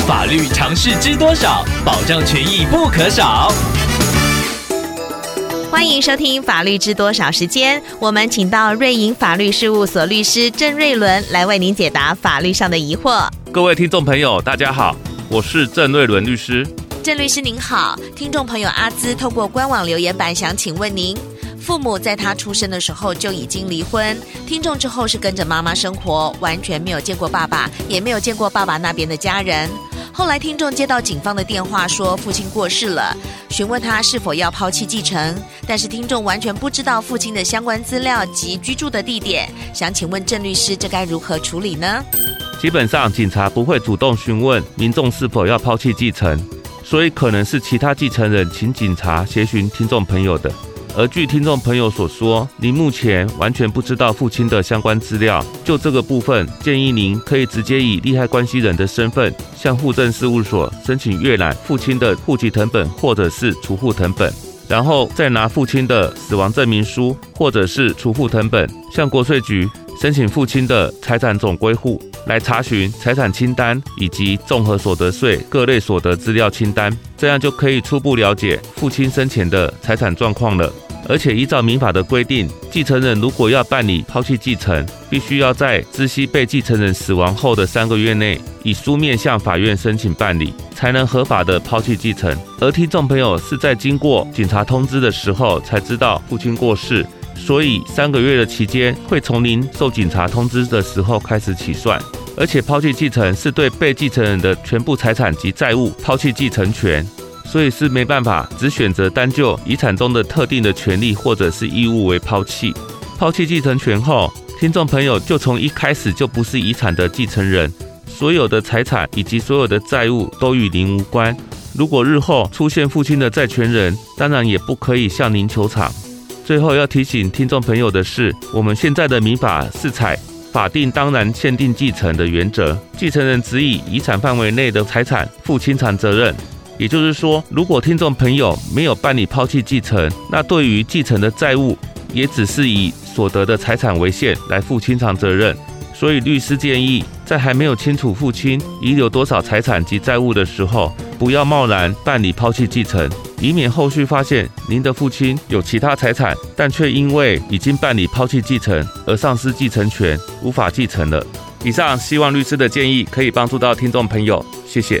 法律常識知多少，保障權益不可少。歡迎收聽《法律知多少》時間，我們請到瑞瀛法律事務所律師鄭瑞崙來為您解答法律上的疑惑。各位聽眾朋友，大家好，我是鄭瑞崙律師。鄭律師您好，聽眾朋友阿茲透過官網留言板想請問您。父母在他出生的時候就已經離婚。聽眾之後是跟着媽媽生活，完全沒有見過爸爸，也沒有見過爸爸那邊的家人。後來聽眾接到警方的電話，說父親過世了，詢問他是否要拋棄繼承，但是聽眾完全不知道父親的相關資料及居住的地點。想請問鄭律師，這該如何處理呢？基本上，警察不會主動詢問民眾是否要拋棄繼承，所以可能是其他繼承人請警察協尋聽眾朋友的。而據聽眾朋友所說，您目前完全不知道父親的相關資料。就這個部分，建議您可以直接以利害關係人的身份向戶政事務所申請閱覽父親的戶籍謄本或者是除戶謄本，然後再拿父親的死亡證明書或者是除戶謄本向國稅局申請父親的財產總歸戶來查詢財產清單以及綜合所得稅各類所得資料清單，這樣就可以初步了解父親生前的財產狀況了。而且依照民法的規定，繼承人如果要辦理拋棄繼承，必須要在知悉被繼承人死亡後的三個月內，以書面向法院申請辦理，才能合法的拋棄繼承。而聽眾朋友是在經過警察通知的時候才知道父親過世，所以三個月的期間會從您受警察通知的時候開始起算。而且拋棄繼承是對被繼承人的全部財產及債務拋棄繼承權。所以是沒辦法，只選擇單就遺產中的特定的權利或者是義務為拋棄。拋棄繼承權後，聽眾朋友就從一開始就不是遺產的繼承人，所有的財產以及所有的債務都與您無關。如果日後出現父親的債權人，當然也不可以向您求償。最後要提醒聽眾朋友的是，我們現在的民法是採法定當然限定繼承的原則，繼承人只以遺產範圍內的財產負清償責任。也就是說，如果聽眾朋友沒有辦理拋棄繼承，那對於繼承的債務，也只是以所得的財產為限來負清償責任。所以，律師建議，在還沒有清楚父親遺留多少財產及債務的時候，不要貿然辦理拋棄繼承，以免後續發現您的父親有其他財產，但卻因為已經辦理拋棄繼承而喪失繼承權，無法繼承了。以上，希望律師的建議可以幫助到聽眾朋友，謝謝。